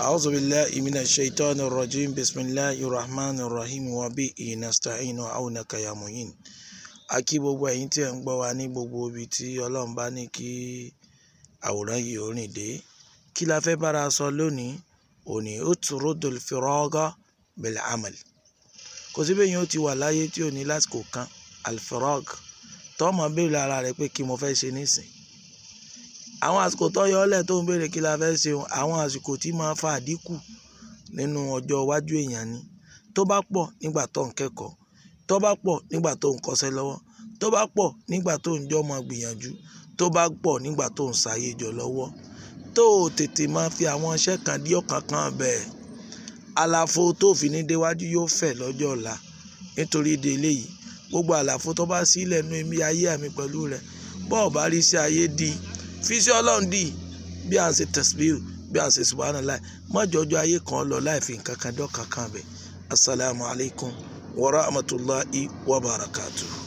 أعوذ بالله من الشيطان الرجيم بسم الله الرحمن الرحيم وبه نستعين وعونك يا معين a kí gbogbo ẹ̀yin tí ẹ̀ ń gbọ́ wa ní gbogbo ibi tí ọlọ́run bá ní kí àwòrán yìí ó rìn dé kí la fẹ́ bára sọ lónìí òní utrudul firaga bil amal kò síbẹ̀ yìí ó ti wà láyé tí ò ní lásìkò kan al firag tọ́mọ béèrè ara rẹ̀ pé kí mo fẹ́ ṣe nísìn àwọn àsìkò tó yọ ọ́lẹ̀ tó ń béèrè kí la fẹ́ ṣe àwọn àsìkò tí máa fa àdínkù nínú ọjọ́ iwájú èèyàn ni tó bá pọ̀ nígbà tó ń kẹ́kọ̀ọ́ tó bá pọ̀ nígbà tó ń kọ́ṣẹ́ lọ́wọ́ tó bá pọ̀ nígbà tó ń jọ́mọ gbìyànjú tó bá pọ̀ nígbà tó ń ṣàyè jọ lọ́wọ́ tó o tètè máa fi àwọn iṣẹ́ kan dí ọ̀kan kan bẹ́ẹ̀ àlàfo tó fi ní déwájú yóò fẹ̀ lọ́jọ́ ọ̀la nítorí de eléyìí gbogbo àlàfo tó bá sílẹ̀ nú èmi ayé àmì pẹ̀lú rẹ̀ bọ́ọ̀ bá rí sí ayé di fi sí ọlọ́run dì bí à ń ṣe tasbiu bí à ń ṣe subhanallah mọ́jọ́jọ́ ayé kan lọ láì fi nǹkan kan dọ́kan kan bẹ̀ asalaamualeykum wa rahmatulahi wa barakatuh.